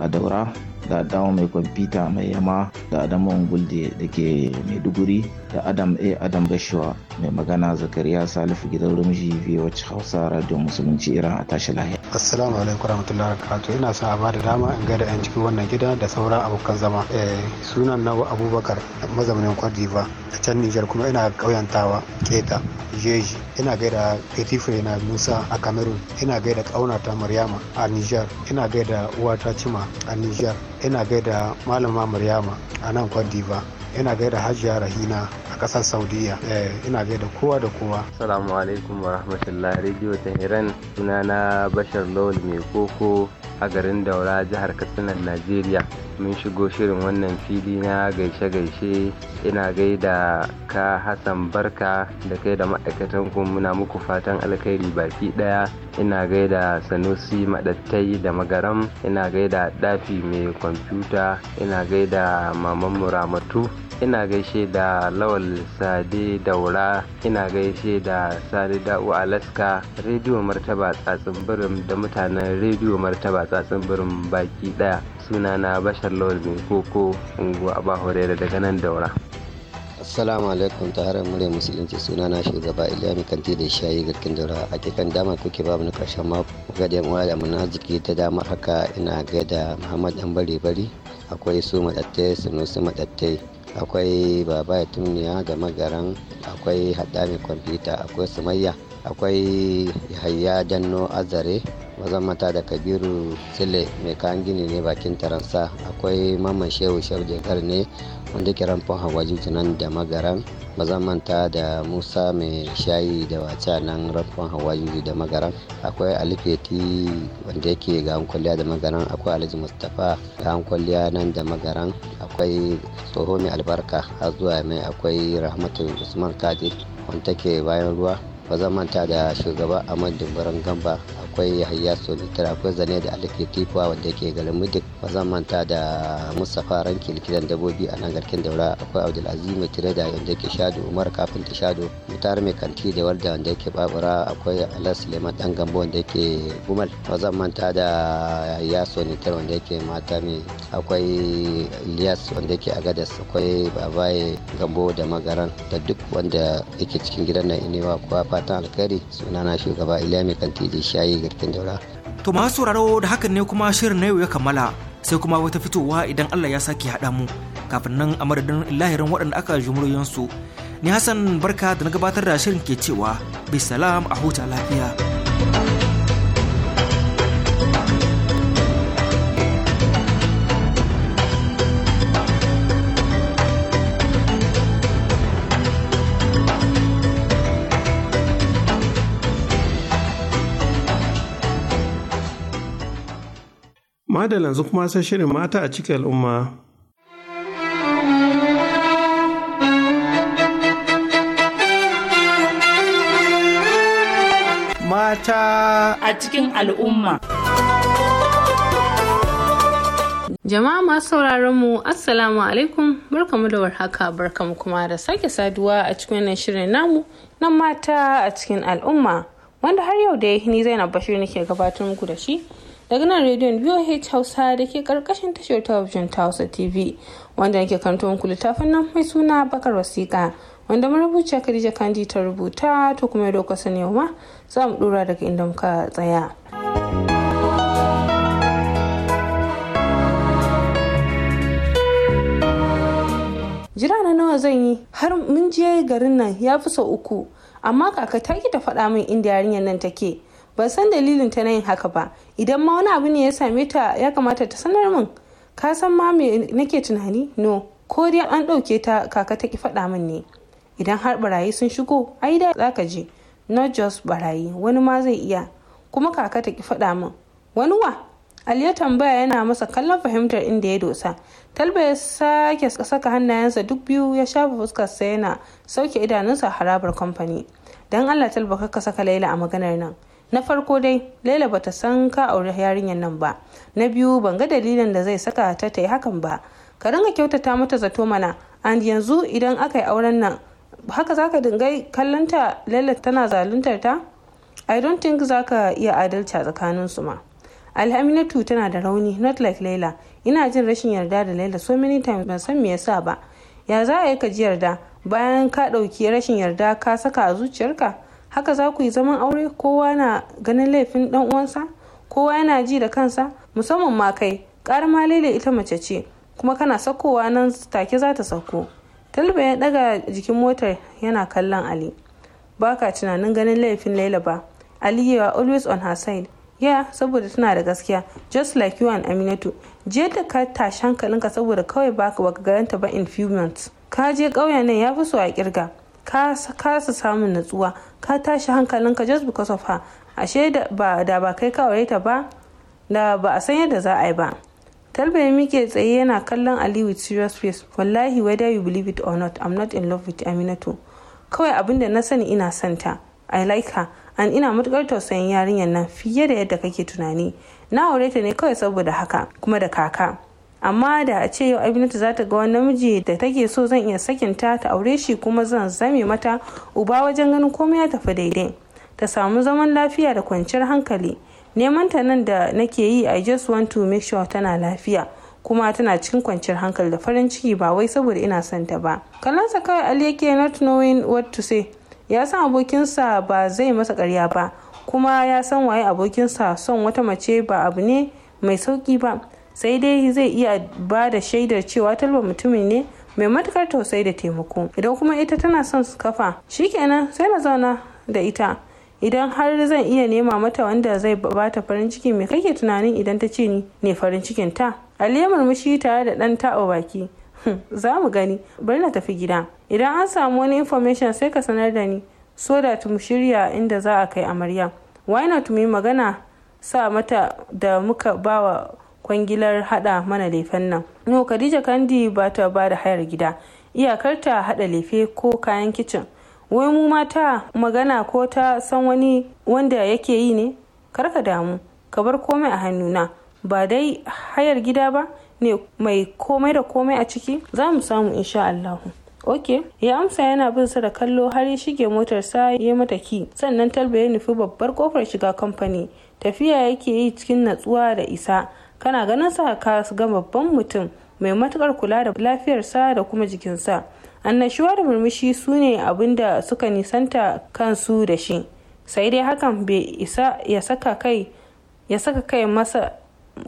a daura da adamu mai kwamfuta mai yama da adamu ungulde da ke maiduguri da adam a adam gashuwa mai magana zakariya salifu gidan rumshi biyu wacce hausa radio musulunci iran a tashi lahiya assalamu alaikum warahmatullahi wabarakatuh ina son a ba da dama in gaida yan cikin wannan gida da sauran abokan zama eh, sunan na abubakar mazaunin kwadiva a can nijar kuma ina ƙauyantawa keta jeji ina gaida etifre na musa a cameroon ina gaida ƙaunata maryama a nijar ina gaida uwata cima a nijar ina gaida malama maryama a nan kwadiva ina gaida hajiya rahina a kasar saudiya eh, ina gaida kowa da kowa salamu alaikum wa rahmatullahi radio ta hiran sunana bashar lawal mai koko a garin daura jihar katsina najeriya mun shigo shirin wannan fili na gaishe-gaishe ina gaida ka hassan barka da kai da ma'aikatan ku muna muku fatan alkhairi baki daya ina gaida sanusi madattai da magaram ina gaida dafi mai kwamfuta ina gaida maman muramatu ina gaishe da lawal sade daura ina gaishe da sade da'u alaska rediyo martaba tsatsin birin da mutanen rediyo martaba tsatsin birin baki ɗaya sunana bashar lawal mai koko unguwa bahore daga nan daura assalamu alaikum taron murya musulunci suna na shugaba iliya mai kanti da shayi garkin daura a kikan dama kuke babu na karshen mako ga da yamuwa da munaziki ta damar haka ina gaida muhammad dan bari bari akwai su maɗattai sunusu maɗattai akwai baba ya tumniya ga magaran akwai haɗa mai kwamfuta akwai sumayya akwai hayya danno azare wazan mata da kabiru Sule mai kayan gini ne bakin taransa akwai mamman shehu shehu jagar ne wanda ke ramfon hawaji nan da magaran ba manta da musa mai shayi da wace nan ramfon hawaji da magaran akwai ali alifeti wanda yake ga kwalliya da magaran akwai alhaji mustapha ga kwalliya nan da magaran akwai tsoho mai albarka har zuwa mai akwai rahmatu usman kadir wanda take bayan ruwa ba zan manta da shugaba Ahmad Dumbaran Gamba akwai Yahaya Solitar akwai Zane da Alike Tifuwa wanda yake garin Mudik ba zan manta da Mustapha Ranki likitan dabobi a nan garkin daura akwai Abdul Aziz mai da wanda yake Shado Umar kafin ta Shado Mutar mai kanti da walda wanda yake Babura akwai Alas Suleiman dan Gambo wanda yake Gumal ba zan manta da Yahaya Solitar wanda yake mata mai akwai Ilyas wanda yake Agadas akwai Babaye Gambo da Magaran da duk wanda yake cikin gidan nan inewa kuwa fatan alkhairi sunana shugaba mai kanti da shayi garkin daura to masu sauraro da hakan ne kuma shirin na yau ya kammala sai kuma wata fitowa idan Allah ya sake haɗa mu kafin nan a madadin lahirin waɗanda aka jumuriyar su ni Hassan barka da na gabatar da shirin ke cewa bisalam a huta lafiya amma da yanzu kuma sai shirin mata a cikin al'umma. Mata a cikin al'umma. Jama'a masu sauraron mu Assalamu alaikum barkamu da warhaka barkamu kuma da sake saduwa a cikin wannan shirin namu na mata a cikin al'umma wanda har yau da ya ni Zainab Bashir nake gabatar muku da shi daga nan rediyon voh hausa da ke karkashin tashar talabijin ta hausa tv wanda yake karanto wanku littafin nan mai suna bakar wasiƙa wanda marubuciya khadija kandi ta rubuta to kuma yau kusa ne ma za mu dora daga inda muka tsaya. jira na nawa zan yi har mun je garin nan ya fi sau uku amma kaka ta ki ta faɗa min inda yarinyar nan take ban san dalilin ta na yin haka ba idan ma wani abu ne ya same ta ya kamata ta sanar min ka san ma me nake tunani no ko dai an ɗauke ta kaka ta ki faɗa min ne idan har barayi sun shigo ai da za ka je not just barayi wani ma zai iya kuma kaka ta ki faɗa min wani wa aliyu tambaya yana masa kallon fahimtar inda ya dosa. Talba ya sake saka hannayensa duk biyu ya shafa fuskarsa yana sauke idanunsa harabar kamfani. Don Allah Talba ka saka Laila a maganar nan. na farko dai laila bata san ka aure yarinyar nan ba na biyu ban ga dalilin da zai saka ta ta yi hakan ba ka ringa kyautata mata zato mana and yanzu idan aka yi auren nan haka zaka dinga kallonta laila tana zaluntar ta i don't think zaka iya adalci tsakanin su ma alhaminatu tana da rauni not like laila ina jin rashin yarda da laila so many times ban san me yasa ba ya za a yi ka ji yarda bayan ka ɗauki rashin yarda ka saka a zuciyarka haka za ku yi zaman aure kowa na ganin laifin dan uwansa kowa yana ji da kansa musamman ma kai ƙar ma lele ita mace ce kuma kana sakowa nan take za ta sako talba ya daga jikin motar yana kallon ali baka tunanin ganin laifin laila ba ali yawa always on her side ya saboda tana da gaskiya just like you and aminatu je da ka tashi hankalinka saboda kawai baka baka garanta ba in few months ka je ƙauyen nan ya fi so a kirga ka kasa samun natsuwa ka tashi hankalinka just because of her ashe da ba kai ka aure ta ba da ba a san yadda za a yi ba talba ya mike tsaye yana kallon ali with serious face wallahi whether you believe it or not i'm not in love with aminatu kawai abin da na sani ina santa i like her and ina matukar tausayin yarinyar nan fiye da yadda kake tunani na aure ta ne kawai saboda haka kuma da kaka amma da a ce yau abinatu za ta ga wani namiji da take so zan iya sakin ta ta aure shi kuma zan zame mata uba wajen ganin komai ya tafi daidai ta samu zaman lafiya da kwanciyar hankali neman ta nan da nake yi i just want to make sure tana lafiya kuma tana cikin kwanciyar hankali da farin ciki ba wai saboda ina son ta ba sa kawai ali yake not knowing what to say ya san abokinsa ba zai masa karya ba kuma ya san waye abokinsa son wata mace ba abu ne mai sauki ba sai dai zai iya ba da shaidar cewa talba mutumin ne mai matukar tausayi da taimako idan kuma ita tana son su kafa shikenan sai na zauna da ita idan har zan iya nema mata wanda zai bata farin ciki mai kake tunanin idan ta ce ni ne farin cikin ta aliyu murmushi tare da dan taɓa baki hmm, za mu gani bari na tafi gida idan an samu wani information sai ka sanar da ni so da mu shirya inda za a kai amarya why not mu yi magana sa mata da muka bawa kwangilar hada mana lefen nan no khadija kandi ba ta ba da hayar gida iyakar ta hada lefe ko kayan kicin wai mu mata magana ko ta san wani wanda yake yi ne karka damu ka bar komai a hannuna ba dai hayar gida ba ne mai komai da komai a ciki za mu samu insha Allahu. ok ya amsa yana bin sa da kallo har ya shige motarsa ya mata ki sannan talba ya nufi babbar kofar shiga kamfani tafiya yake yi cikin natsuwa da isa kana ganin sa ka ga babban mutum mai matukar kula da lafiyarsa da kuma jikin sa annashuwa da murmushi su ne abin da suka nisanta kansu da shi sai dai hakan bai isa ya saka kai ya saka kai masa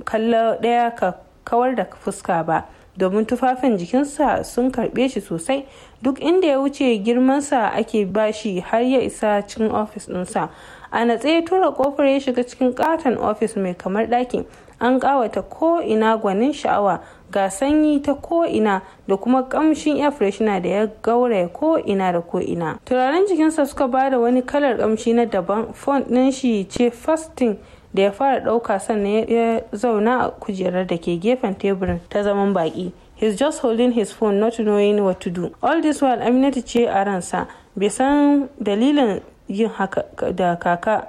kallo daya ka kawar da fuska ba domin tufafin jikinsa sun karbe shi sosai duk inda ya wuce girmansa ake bashi har ya isa cikin ofis ɗinsa a natse tura kofar ya shiga cikin katon ofis mai kamar ɗaki an ƙawata ina gwanin sha'awa ga sanyi ta ko'ina da kuma kamshin air freshener da ya gauraya ina da ko'ina turaren jikinsa suka ba da wani kalar kamshi na daban font ɗin shi ce fasting da ya fara ɗauka sannan ya zauna a kujerar da ke gefen teburin ta zaman baƙi he's just holding his phone not knowing what to do all this while aminatu ce a ransa bai san dalilin yin haka da kaka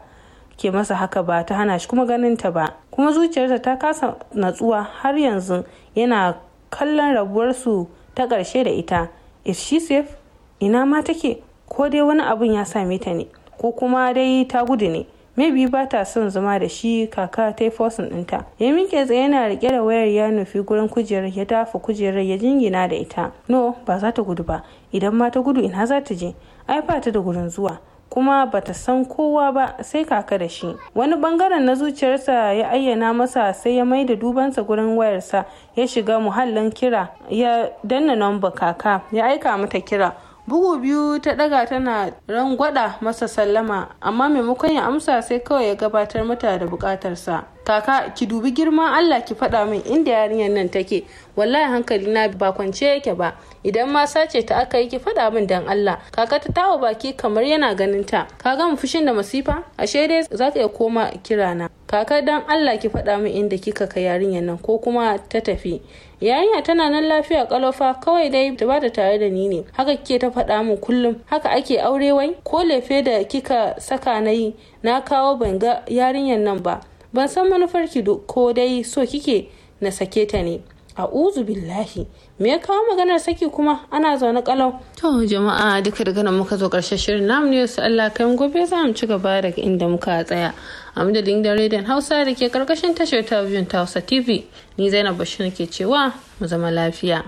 ke masa haka ba ta hana shi kuma ganin ta ba kuma zuciyarsa ta kasa natsuwa har yanzu yana kallon rabuwarsu ta ƙarshe da ita is she safe ina ma take ko dai wani abun ya same ta ne ko kuma dai ta gudu ne maybe ba ta son zama da shi kaka ta yi fosin ɗinta ya minke tsaye yana riƙe da wayar ya nufi gurin kujerar ya dafa kujerar ya jingina da ita no ba za ta gudu ba idan ma ta gudu ina za ta je ai ba ta da gurin zuwa kuma ba ta san kowa ba sai kaka da shi wani bangaren na zuciyarsa ya ayyana masa sai ya maida dubansa gurin wayarsa ya shiga muhallin kira ya danna namba kaka ya aika mata kira bugu biyu ta daga tana rangwada masa sallama amma maimakon ya amsa sai kawai ya gabatar mata da bukatarsa kaka ki dubi girman Allah ki faɗa min inda yarinyar nan take wallahi hankali na ba kwance yake ba idan ma sace ta aka yi ki faɗa min dan Allah kaka ta tawa baki kamar yana ganin ta ka ga fushin da masifa ashe dai za ka iya koma kirana kaka dan Allah ki faɗa min inda kika ka yarinyar nan ko kuma ta tafi yarinya tana nan lafiya kalofa kawai dai ta bata tare da ni ne haka kike ta faɗa min kullum haka ake aure wai ko lefe da kika saka na yi na kawo ban ga yarinyar nan ba ban san manufar ki ko dai so kike na sake ta ne a uzu billahi me ya kawo maganar saki kuma ana zaune kalau to jama'a duka daga nan muka zo karshen shirin namu ne su Allah kai gobe za mu ci gaba daga inda muka tsaya a madadin da rediyon hausa da ke karkashin tashar ta ta hausa tv ni zainab bashir ke cewa mu zama lafiya.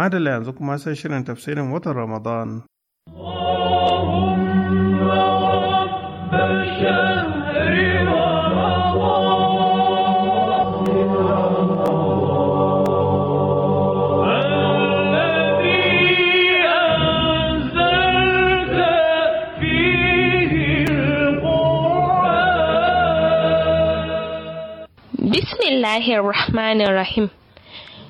عدل عندكم ما سيشرن تفسير وتر رمضان بسم الله الرحمن الرحيم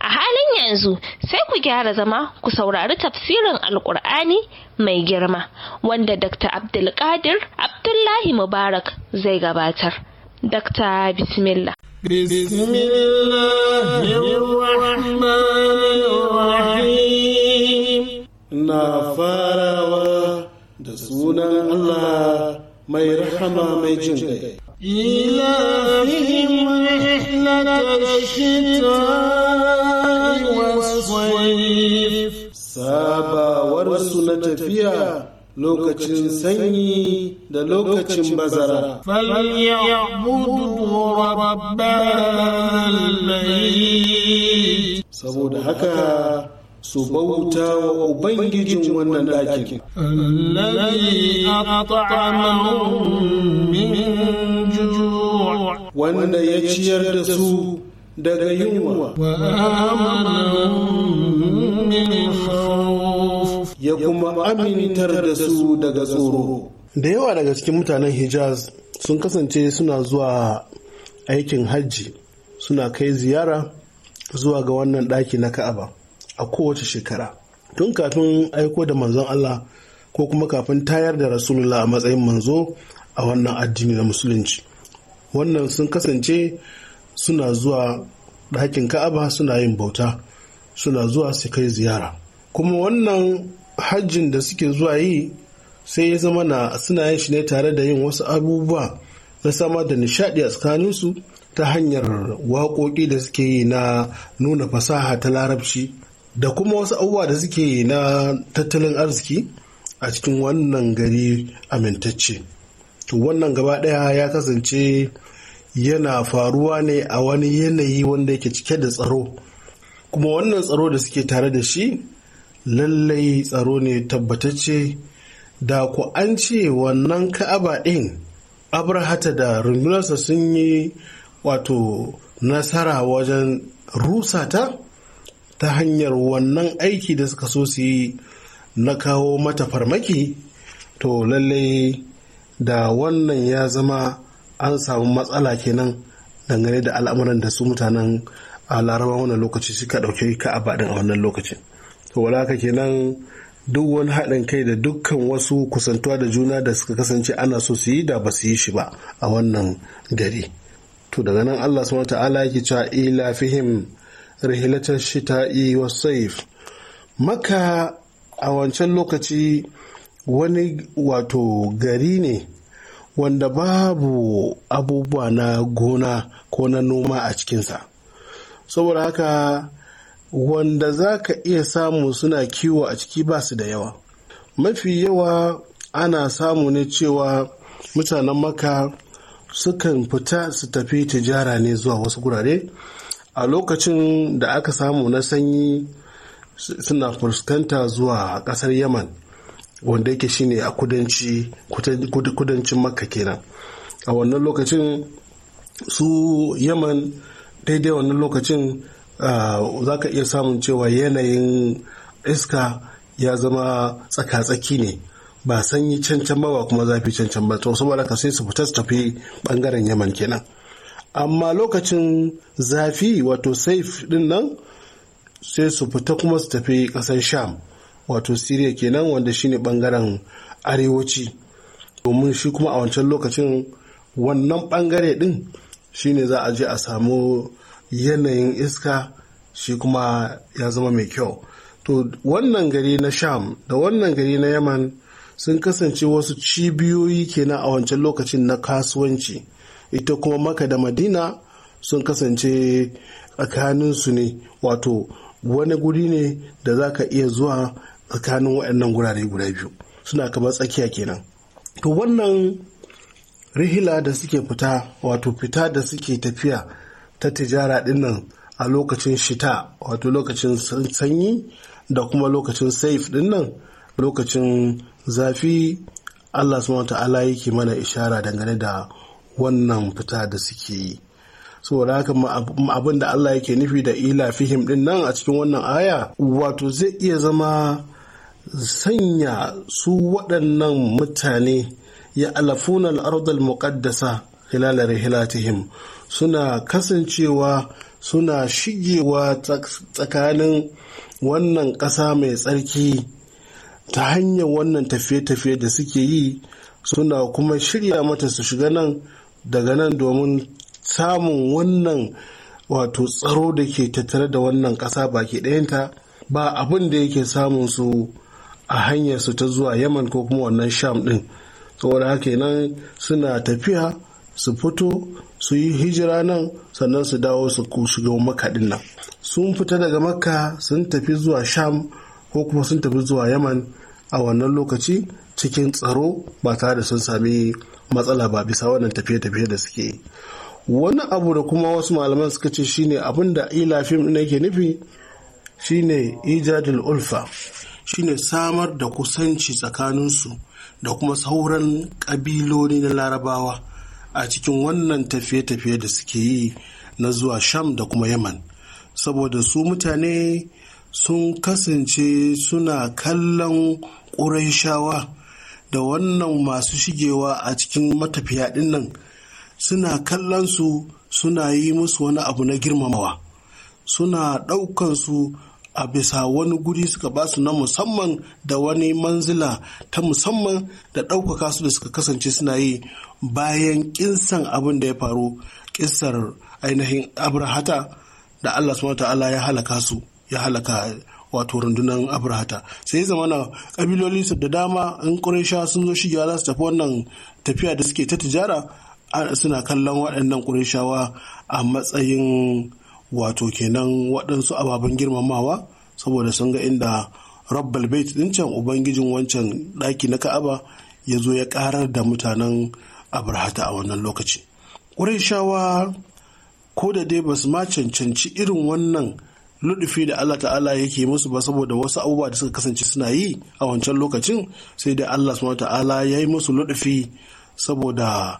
A halin yanzu sai ku gyara zama ku saurari tafsirin Alkur'ani mai girma wanda Dr. Abdulkadir Abdullahi Mubarak zai gabatar. Dr. Bismillah. بسم الله الرحمن الرحيم da sunan مي رحمة مي جندي إلى رحلة الشتاء والصيف سابا ورسنة فيها لوكا تشنسيني دا لوكا تشنبزرا فليعبدوا رب البيت سبود هكا su bauta wa Ubangijin wannan ɗakin. Wanda ya ciyar da su daga yunwa. Ya kuma amintar da su daga tsoro. Da yawa daga cikin mutanen Hijaz sun kasance suna zuwa aikin hajji suna kai ziyara zuwa ga wannan ɗaki na Ka'aba. a kowace shekara tun kafin aiko da manzon Allah ko kuma kafin tayar da rasulullah a matsayin manzo a wannan addini na musulunci wannan sun kasance suna zuwa ɗakin ka'aba suna yin bauta suna zuwa su kai ziyara kuma wannan hajjin da suke zuwa yi sai ya zama na suna yin shi ne tare da yin wasu abubuwa na samar da nishaɗi a tsakaninsu ta hanyar waƙoƙi da suke yi na nuna fasaha ta larabci da kuma wasu abubuwa da suke na tattalin arziki a cikin wannan gari amintacce to wannan gaba ɗaya ya kasance yana faruwa ne a wani yanayi wanda yake cike da tsaro kuma wannan tsaro da suke tare da shi lallai tsaro ne tabbatacce da ku an ce wannan ka'aba ɗin abrahata da rundunarsa sun yi wato nasara wajen rusata ta hanyar wannan aiki da suka so su yi na kawo mata farmaki to lallai da wannan ya zama an samu matsala kenan dangane da al'amuran da su mutanen a laraba wannan lokaci suka ɗauke ka din a wannan lokacin to wala kenan duk wani haɗin kai da dukkan wasu kusantuwa da juna da suka kasance ana so su yi da ba su yi shi ba a wannan gari to daga nan Allah subhanahu ta'ala yake cewa ila fihim ta shita'i wa saif maka a wancan lokaci wani wato gari ne wanda babu abubuwa na gona ko na noma a cikinsa saboda haka wanda za ka iya samu suna kiwo a ciki ba su da yawa mafi yawa ana samu ne cewa mutanen maka sukan fita su tafi tijara ne zuwa wasu gurare a lokacin da aka samu na sanyi suna fuskanta zuwa kasar yaman wanda yake shine a kudancin makka kenan a wannan lokacin su yaman daidai wannan lokacin za ka iya samun cewa yanayin iska ya zama tsaka-tsaki ne ba sanyi cancan ba kuma zafi cancan ba to saboda ka sai su fita su tafi bangaren yaman kenan amma lokacin zafi wato saif din nan sai su fita kuma su tafi kasan sham wato siriya kenan wanda shine bangaren arewaci domin shi kuma a wancan lokacin wannan bangare din shine za a je a samu yanayin iska shi kuma ya zama mai kyau to wannan gari na sham da wannan gari na yaman sun kasance wasu cibiyoyi kenan a wancan lokacin na kasuwanci ita kuma maka da madina sun kasance tsakaninsu ne wato wani guri ne da za ka iya zuwa tsakanin waɗannan gurare guda biyu suna kamar tsakiya kenan to wannan rihila da suke fita wato fita da suke tafiya ta tijara dinnan a lokacin shita wato lokacin sanyi da kuma lokacin saif dinnan lokacin zafi allah subhanahu ta'ala yake mana ishara dangane da wannan fita da suke yi saboda haka abin da Allah yake nufi da ila fihim din nan a cikin wannan aya wato zai iya zama sanya su waɗannan mutane ya alafuna al'ardal muƙaddasa hilala rihilatihim suna kasancewa suna shigewa tsakanin wannan ƙasa mai tsarki ta hanyar wannan tafiye-tafiye da suke yi suna kuma shirya mata su shiga nan daga nan domin samun wannan wato tsaro da ke tattare da wannan ƙasa baki ɗayanta ba abin da yake samun su a hanyar su ta zuwa yaman ko kuma wannan sham ɗin saboda haka nan suna tafiya su fito su yi hijira nan sannan su dawo su shiga makka ɗin nan sun fita daga makka sun tafi zuwa sham ko kuma sun tafi zuwa yaman a wannan lokaci cikin tsaro ba tare da sun sami matsala ba bisa wannan tafiye-tafiye da suke wani abu da kuma wasu malaman suka ce shine abin da ila fim ke yake nufi shine ijadul ulfa shine samar da kusanci tsakaninsu da kuma sauran ƙabiloni na larabawa a cikin wannan tafiye-tafiye da suke yi na zuwa sham da kuma yaman saboda su mutane sun kasance suna kallon ƙuraishawa da wannan masu shigewa a cikin matafiya nan suna kallon su suna yi musu wani abu na girmamawa suna ɗaukan su a bisa wani guri suka ba su na musamman da wani manzila ta musamman da ɗaukaka su da suka kasance suna yi bayan kinsan abin da ya faru kisar ainihin abrahata da allah subhanahu ta'ala ya halaka su ya halaka wato rundunar abrahata sai zamana kabiloli da dama in ƙuresha sun zo shigewa za su tafi wannan tafiya da suke ta tijara suna kallon waɗannan ƙureshawa a matsayin wato kenan waɗansu ababen girmamawa saboda sun ga inda rabbal bait ɗin can ubangijin wancan ɗaki na ka'aba ya zo ya ƙarar da mutanen abrahata a wannan lokaci ƙureshawa ko da dai ba su ma cancanci irin wannan ludufi da Allah ta'ala yake musu ba saboda wasu abubuwa da suka kasance suna yi a wancan lokacin sai da Allah subhanahu ta'ala ya yi musu ludufi saboda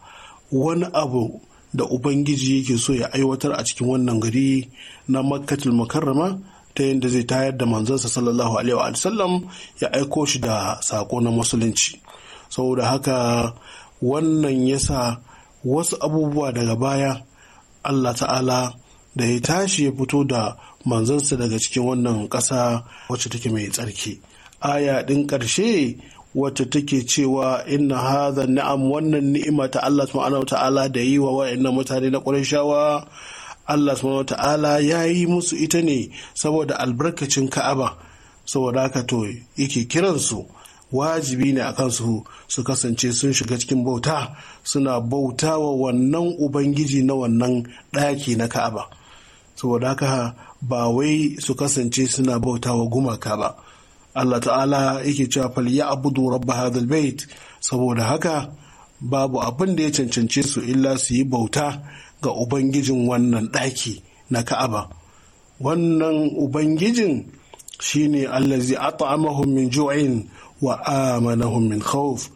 wani abu da ubangiji yake so ya aiwatar a cikin wannan gari na makkatul mukarrama ta yadda zai tayar da manzansa sallallahu alaihi wa sallam ya aiko shi da sako na musulunci saboda haka wannan yasa wasu abubuwa daga baya Allah ta'ala da ya tashi ya fito da manzansa daga cikin wannan ƙasa wacce take mai tsarki aya ɗin ƙarshe wacce take cewa inna hadha na'am wannan ni'ima ta Allah subhanahu ta'ala da yi wa wa'annan mutane na shawa? Allah subhanahu ta'ala ya yi musu ita ne saboda albarkacin Ka'aba saboda haka to yake kiransu wajibi ne a kansu su kasance sun shiga cikin bauta suna bauta wa wannan ubangiji na wannan ɗaki na Ka'aba saboda haka ba wai su kasance suna bauta wa gumaka ba Allah ta'ala yake cewa fal ya abudu rabb hadal bait saboda haka babu abin da ya cancance su illa su yi bauta ga ubangijin wannan ɗaki na ka'aba wannan ubangijin shine allazi at'amahum min ju'in wa amanahum min khawf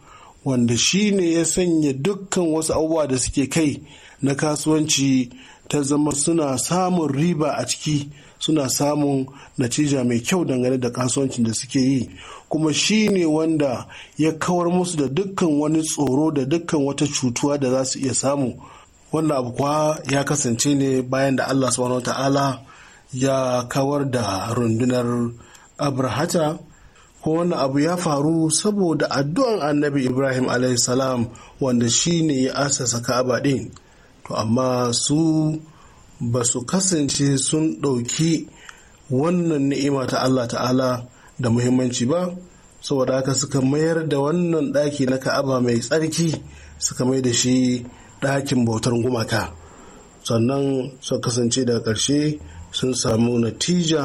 wanda shine ya sanya dukkan wasu abubuwa da suke kai na kasuwanci ta zama suna samun riba a ciki suna samun natija mai kyau dangane da kasuwancin da suke yi kuma shi ne wanda ya kawar musu da dukkan wani tsoro da dukkan wata cutuwa da za su iya samu wannan abu kuwa ya kasance ne bayan da allah subhanahu ta'ala ya kawar da rundunar abrahata ko wannan abu ya faru saboda addu'an annabi ibrahim salam wanda shi ne ya asasa ka'aba din to amma su ba su kasance sun ɗauki wannan ni'ima ta Allah ta'ala da muhimmanci ba saboda haka suka mayar da wannan ɗaki na ka'aba mai tsarki suka mai da shi ɗakin bautar gumaka sannan suka kasance daga ƙarshe sun samu natija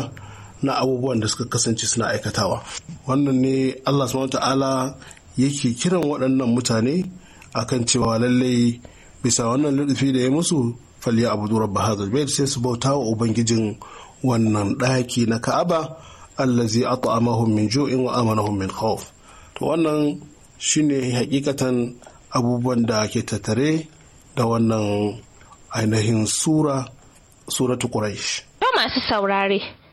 na abubuwan da suka kasance suna aikatawa wannan ne Allah subhanahu ta'ala yake kiran waɗannan mutane akan cewa lallai bisa wannan ludufi da ya musu falliya abu durar hadhal bait sai su bauta wa ubangijin wannan ɗaki na ka'aba allazi at'amahum min ju'in wa amanahum min khawf to wannan shine hakikatan abubuwan da ke tattare da wannan ainihin sura suratu quraish to masu saurare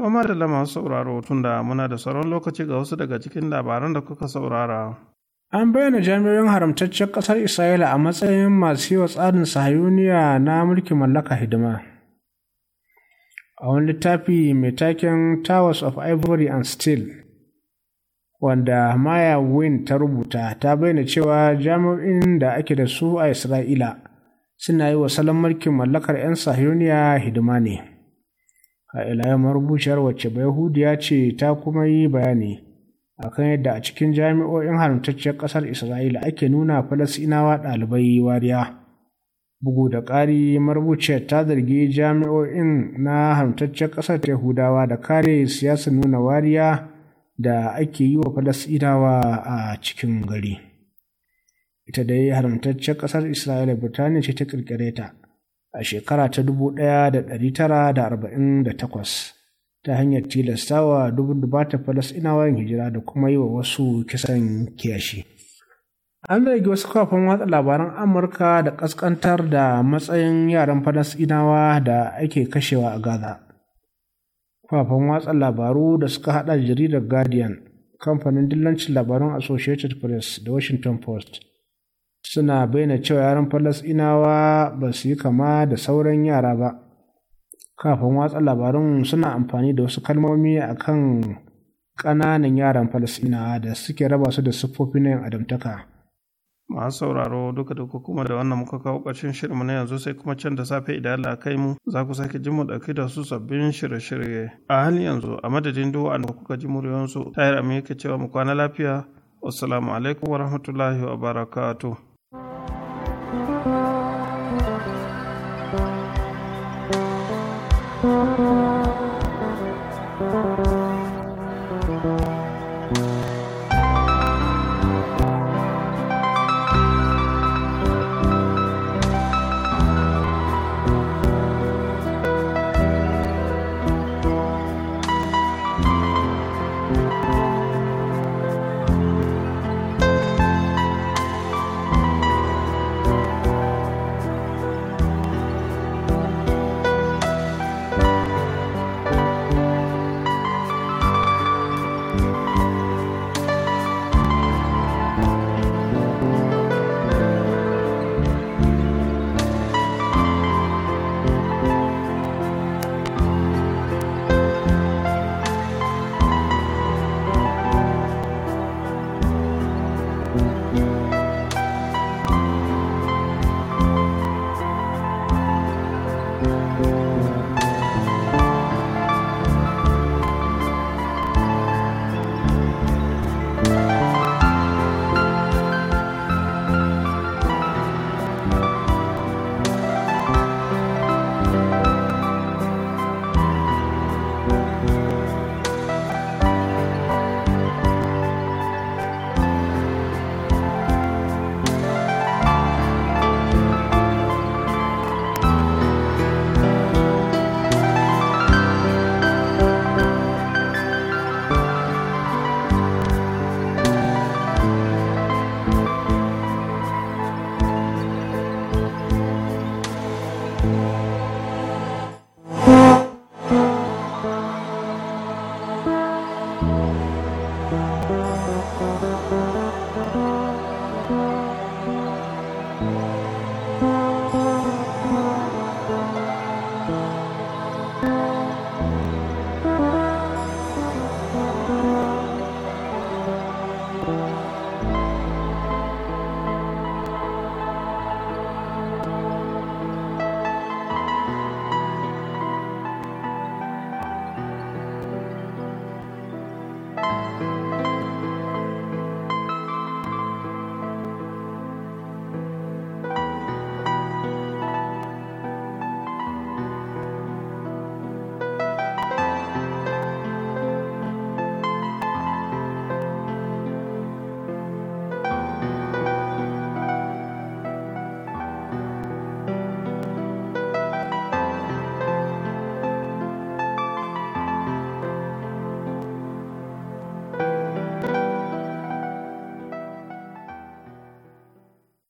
To da masu sauraro tunda muna da sauran lokaci ga wasu daga cikin labaran da kuka saurara. An bayyana jami'o'in haramtaccen ƙasar Isra'ila a matsayin masu yi wa tsarin sahayuniya na mulkin mallaka hidima. A wani littafi mai taken Towers of Ivory and Steel, wanda Maya Win ta rubuta, ta bayyana cewa jami'o'in da ake da su a Isra'ila suna yi wa salon mulkin mallakar 'yan sahayuniya hidima ne. a ilayen marubuciyar wacce bayahudiya ce ta kuma yi bayani a kan yadda a cikin jami'o'in haramtacciyar ƙasar isra'ila ake nuna falasinawa ɗalibai wariya bugu da ƙari marubuciyar ta zargi jami'o'in na haramtacciyar ƙasar ta yahudawa da kare siyasa nuna wariya da ake yi wa falasinawa a cikin gari ita dai haramtacciyar ƙasar isra'ila birtaniya ce ta ƙirƙireta. a shekara ta 1948 ta hanyar tilastawa dubun dubata falasɗinawa yin hijira da kuma yi wa wasu kisan kiyashi. An zargi wasu kafin watsa labaran Amurka da ƙasƙantar da matsayin yaran falasɗinawa da ake kashewa a Gaza. Kafin watsa labaru da suka haɗa jaridar Guardian, kamfanin dillancin labarun Associated Press da Washington Post. suna bayyana cewa yaran falasɗinawa ba su yi kama da sauran yara ba kafin watsa labarun suna amfani da wasu kalmomi a kan ƙananan yaran falasɗinawa da suke raba su da siffofi na yin adamtaka masu sauraro duka duka kuma da wannan muka kawo ƙarshen shirinmu na yanzu sai kuma can da safe idan Allah kai mu za ku sake jin mu ɗauki da su sabbin shirye-shirye a halin yanzu a madadin duk wanda kuka ji muryoyinsu tayar amma yake cewa mu kwana lafiya wassalamu alaikum warahmatullahi wabarakatuh